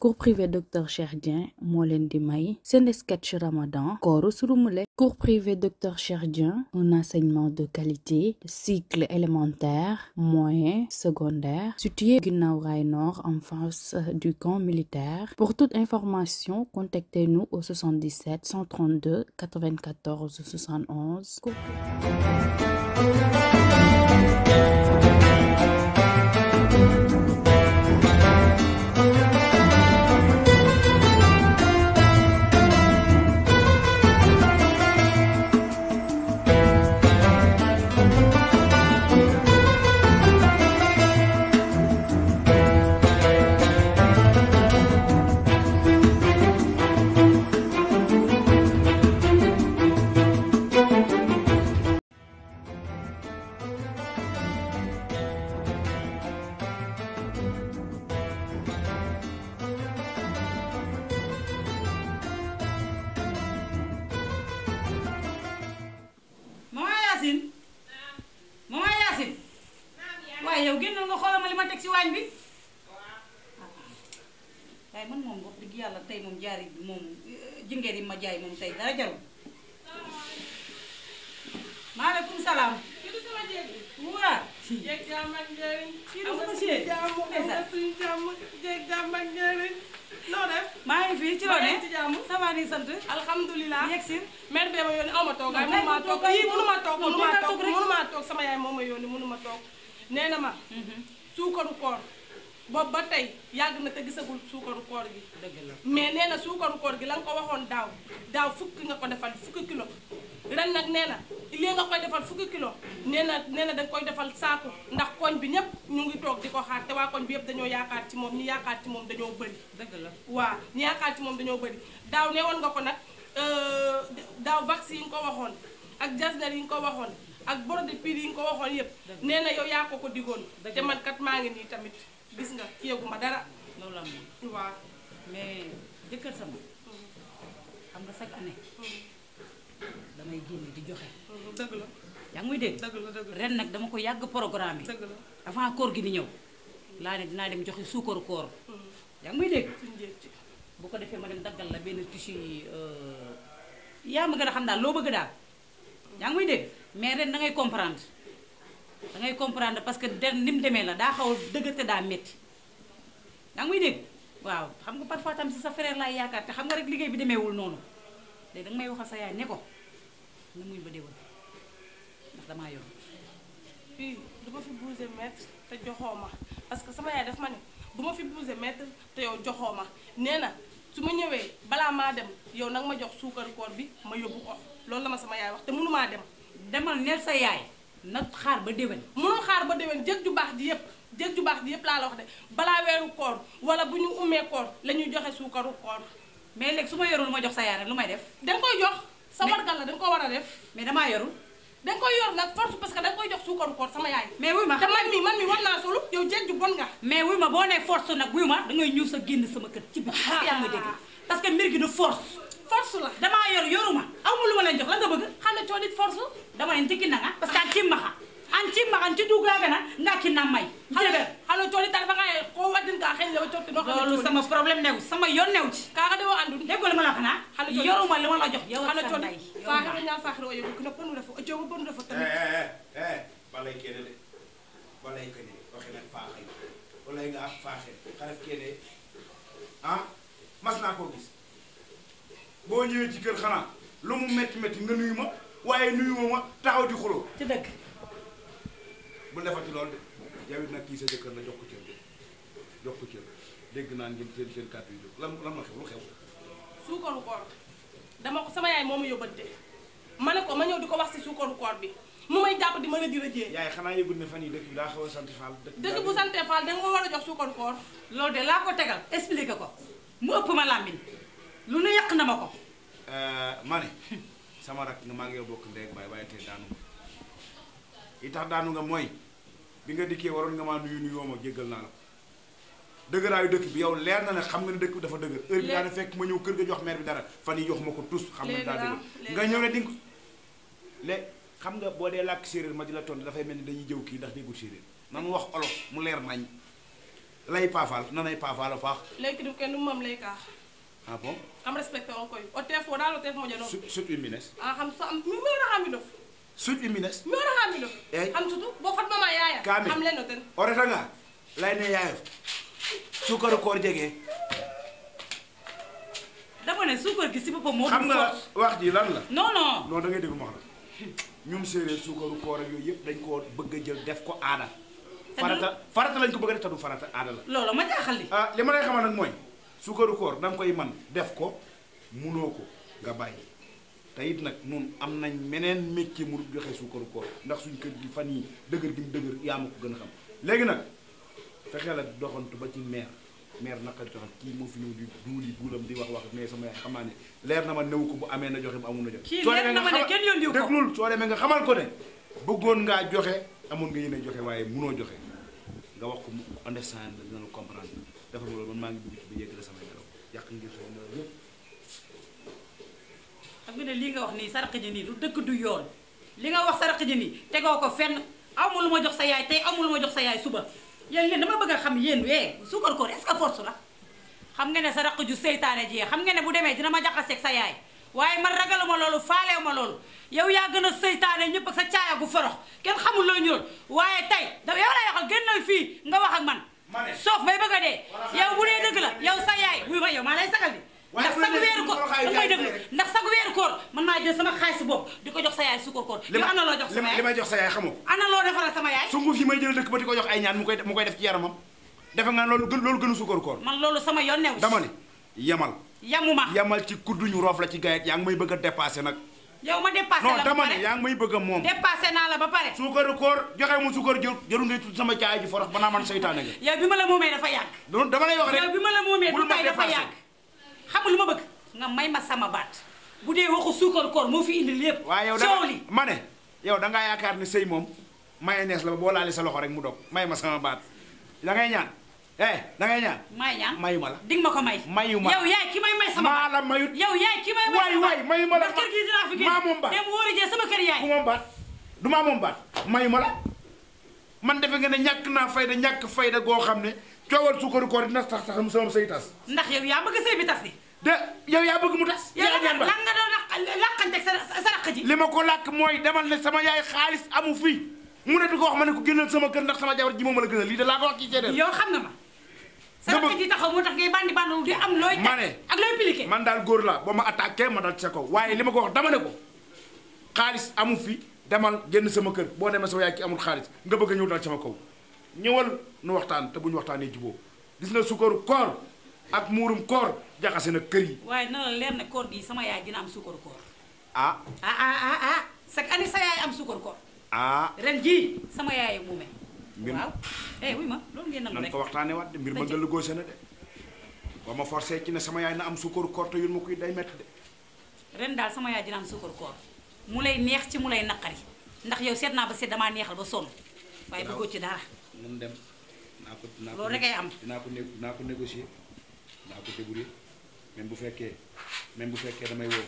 cours privé docteur Cherdien, Molen moo ramadan Koro surumule cours privé docteur Cherdien, un enseignement de qualité cycle élémentaire moyen secondaire situé ginnaaw nord en face du camp militaire pour toute information contactez-nous au 77 132 94 71 teg ci waañ bi waaye man moom wax dëgg yàlla tey moom jaari bi moom eh, jingéen yi ma jaay moom tey dara jarul maaleykum salaam kii du sama jéeg waa jéeg jàmm ak njëriñ kii du sama jéeg jàmm ak suñu jàmm jéeg jàmm fii ci loo ne ci jàmm sama sant alhamdulilah yegg si mère bee ma yónni aw ma toog waaye mënu maa toog yii mënu ma toog ma toog sama yaay moo ma yónni mënu ma toog nee ma mhm. suukaru koor boobu ba tey yàgg na te gisagul suukaru koor gi. dëgg la mais nee na suukaru koor gi la nga ko waxoon daaw daaw fukk nga ko defal fukki kilo ren nag nee na lii nga koy defal fukki kilo nee na nee na da nga koy defal saako ndax koñ bi ñëpp ñu ngi toog di ko xaar te waa koñ bi yëpp dañoo yaakaar ci moom ñi yaakaar ci moom dañoo bëri. dëgg la waaw ñi yaakaar ci moom dañoo bëri daaw ne woon nga ko nag euh, daaw vaccin yi nga ko waxoon ak jasner yi nga ko waxoon. ak borode piir yi ko waxoon yeb neena yow ya ko ko digon te man kat ma ngi ni tamit gis nga kiyaguma dara loolu am wa mais jëkkër sama mhm. xam nga sax année mhm. damay genn di joxe mhm, deug la yang muy deug deug la deug ren nak dama ko yag programme deug la avant koor gi di ñew la ne dina dem joxe sukor koor yang muy deug bu ko defé ma dem daggal la ben tissu ya ma gëna xam daal lo bëgg daal yang muy deug mais ren da ngay comprendre da ngay comprendre parce que den ni mu demee la daa xaw a dëgg te daa métti daa muy dégg waaw xam nga parfois tam si sa frère laay yaakaar te xam nga rek liggéey bi demeewul noonu léegi danga may wax sa yaay ne ko nga muñ ba déwén ndax damaa yoon. fii du ma fi bougé mètre te joxoo ma parce que sama yaay daf ma ne du ma fi bougé mètre te yow joxoo ma nee na su ma ñëwee balaa maa dem yow nag ma jox suukar koor bi ma yóbbu ko loolu la ma sama yaay te mënumaa dem. demal nel sa yaay na xaar ba déwén. mënul xaar ba déwén jëg ju baax ji yëpp jëg ju baax ji yëpp laa la wax de balaa weeru koor wala bu ñu umee koor la ñuy joxe suukaru koor. mais léegi su ma yorul ma jox sa yaay rek lu may def. da koy jox sa wargal la da nga ko a def. mais damaa yorul. da nga yor nag force parce que da nga koy jox suukaru koor sama yaay. mais wuy ma te man mi man mi war naa solu yow jëg ju bon nga. mais wuy ma boo nee force nag wuy ma da ngay ñëw sa génn sama kër ci biir. yaa ma dégg ah. parce que mbir gi du force. force la damaa yor yoruma aw ma lu ma leen jox codit force dama en tikina nga parce que timma ha an timma an ci duga gana nga kinna may jebe halo codit alfa nga ko wadin ka xel lew codit no xel lolu sama problème new sama yon new ci ka ga de wo andu degol ma la xana halo codit yoruma lima la jox halo codit fa ga nga fa xro yo ko na ponu dafa jogu ponu dafa tamit eh, eh eh eh balay kene de balay kene waxe nak fa xey wala nga fa xey xaraf kene ah mas na ko gis bo ñewé ci kër xana lu mu metti metti nga nuyu waaye nuyu ma ma taxaw di xuloo ci dëkk bu defati loolu de yow it nag kii sa jëkkër na jox ko cër de jox ko cër dégg naa ngeen seen seen kàddu yi jóg lan lan ma xew lu xew suukaru ko sama yaay moo ma ma ne ko ma ñëw di ko wax si suukaru koor bi mu may jàpp di mën a di rëjee yaay xanaa yëgul ne fan yi dëkk bi daa xaw a sant faal dëkk bu sante faal da nga war a jox suukaru koor lool de laa ko tegal expliqué ko mu ëpp ma làmbin lu nu yàq na ma ko euh, ma ne sama rakk nga maa ngi yow bokk ndey ak baay waaye tey daanu nga li tax daanu nga mooy bi nga dikkee waroon nga maa nuyu nuyoo ma jéggal naa la dëgëraayu dëkk bi yow leer na ne xam nga ne dëkk bi dafa dëgër heure bi daana fekk ma ñëw kër ga jox meer bi dara fan yi jox ma ko tous xam nga daa nga ñëw ne dinga le xam nga boo dee làkk séeréer ma di la tontu dafay mel ni dañuy jëw kii ndax déggul séeréer nan wax olof mu leer nañ lay paafaal nanay paafaal a faax lekk du kenn moom lay Ah bon? respect respecté koi koy. O tef o dal o tef imines. Ah xam sa mi eh? mi imines. Mi mama yaaya. Xam len no ten. O lainnya nga lay ne yaayo. Sukar koor jege. Dama ne sukar gi ci bopam mo Xam nga wax ji lan la? Non non. Non da ngay deg mo wax ñum séré sukaru koor ak yoy yépp dañ ko bëgg jël def ko aada farata farata lañ ko bëgg def tadu farata aada la loolu ma jaaxal ah li ma lay xamal nak moy suukaru koor da koy man def ko munoo ko nga bàyyi te it nag nun am nañ meneen métier mu joxe suukaru koor ndax suñ kër gi fan yi dëgër gi mu dëgër yaa ma ko gën a xam léegi nag fexee la doxantu ba ci meer meer naqari taxam kii moo fi ñëw di duuli duulam di wax wax mais sama yaay xam ne leer na ma néew ko bu amee na joxe bu amul na joxe kii leer na ma ne kenn yónni ko déglul soo nga xamal ko ne bëggoon ngaa joxe amoon nga yéene joxe waaye munoo joxe nga wax ko mu understand dina la comprendre maa ngi dugg bi yegg la samay nelaw yàq ngir sama nelaw yëpp xam nga ne lii nga wax nii sarax ji nii du dëkk du yoon li nga wax sarax ji nii tegoo ko fenn amul lu ma jox sa yaay tey amul lu ma jox sa yaay suba yéen leen dama bëgg a xam yéen wee suukar koor est-ce que la xam nga ne sa raq ju seytaane jiyee xam nga ne bu demee dina ma jaxaseeg sa yaay waaye man ragaluma loolu faalewuma loolu yow yaa gën a seytaane ñëpp ak sa caaya gu forox kenn xamul looy ñuul fii nga ak man soof bay bëgg a dee yow bu dëgg la yow sa yaay wuy ma yow maa lay sagal bi ndax sagu weeru koor man maa jël sama xaalis bopp di ko jox sa yaay sukkar koor yow loo jox sama yaay li may jox sa yaay xamoo ana loo defal sama yaay sunguf yi may jël dëkk ba ko jox mu koy def ci yaramam defe nga loolu gën loolu gënu sukkar koor man loolu sama yoon new dama ne yamal yamuma yamal ci kudduñu roof la ci gayet yaa ngi may bëgg a dépassé nag yow ma dépassé la non dama ne yaa may bëgg a dépassé naa la ba pare. suukaru koor joxe mu jël sama caay forox ba man seytaane nga. yow bi la moomee dafa yàgg. donc dama lay wax rek yow bi la moomee du tey dafa yàgg. xam nga bëgg nga may ma sama baat bu waxu suukaru koor moo fi indi yow yow da mayonnaise la sa loxo rek mu dog may ma sama baat ngay ñaan eh da ngay ñaan. may ma la. dig ma ko may. mayu maa la mayut yow yaay ki may ma la ndax kër gi dinaa fi génn. maa man defe nga ne ñàkk naa fayda ñàkk fayda goo xam ne coowal suukaru koor dina tax sax sama sëy tas. ndax yow yaa bëgg sëy bi tas di. de yow yaa bëgg mu tas. yaa lan nga doon làqante ak sa sa raq ji. li ma ko làq mooy demal ne sama yaay xaalis amu fii mu ne di ko wax ma ne ko génnal sama kër ndax sama jabar ji moom la gënal lii de laa ko wax ci seedeel yow xam na ma sa rakk ji taxaw moo tax ngay bandi bandi di am looy ma ne ak looy piliqué man daal góor la ba ma attaqué ma waaye li ma ko wax dama ne ko xaalis amu fi demal génn sama kër boo demee sama yaay amul xaalis nga bëgg a ñëw dal sama kaw ñëwal nu waxtaan te bu ñu waxtaanee juboo gis na sukaru koor ak muurum koor jaxase na kër yi waaye na la leer ne koor gi sama yaay dina am sukaru koor ah ah ah ah chaque ah. sa yaay am sukaru koor ah ren ji sama yaay muume. mbir waaw eh wuy ma loolu ngeen nangu rek. nan ko waxtaanee waat de mbir ma gën la góose na de. ba ma forcé ci ne sama yaay na am suukaru koor te yun ma koy day métti de. ren daal sama yaay dina am suukaru koor mu lay neex ci mu lay naqari ndax yow seet naa ba seet damaa neexal ba sonn waaye bëggoo ci dara. mun dem naa ko naa ko loolu naa ko né dinaa ko négocier dinaa ko débrouiller bu fekkee même bu fekkee damay woo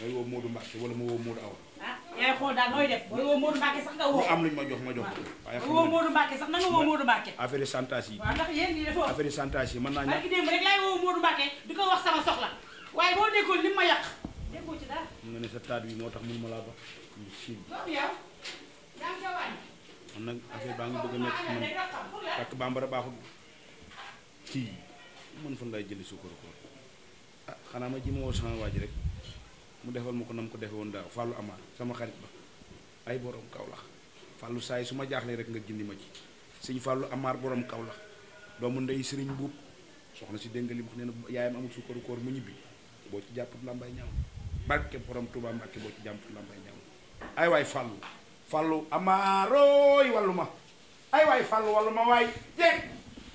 may woo Modou Mbacke wala ma woo Modou Awa. yaay xool daal nooy def woo Modou Mbacke sax nga woo lu am luñ ma jox ma jox waaye sax na nga woo Modou Mbacke affaire chantage yi waaw ndax yéen ñi dafa yi mën naa ñàkk barki démb rek laay woo Modou Mbacke di ko wax sama soxla waaye boo déggoon li ma yàq déggoo nga ne sa taat bi moo tax mun ma laa ba si doom yow man nag affaire baa ngi bëgg a nekk ci man takk mën fan laay jëli suukaru koor ah xanaa ma ji ma woo sama rek mu defal mako nam ko defe won dara fallu amal sama xarit ba ay borom Kaolack fallu say suma ma rek nga jindi ma ci sëñ fallu amar borom do mu ndey sëriñ buub soxna ci dengali li wax nee yaayam amul sukkaru koor mu ñibi bo ci jàpput lambay ñaw barke borom tuba barke bo ci jàpput lambay ñaw ay way fallu fallu ma ay way fallu walluma ma jek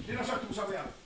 dina sotti bu soobee yalla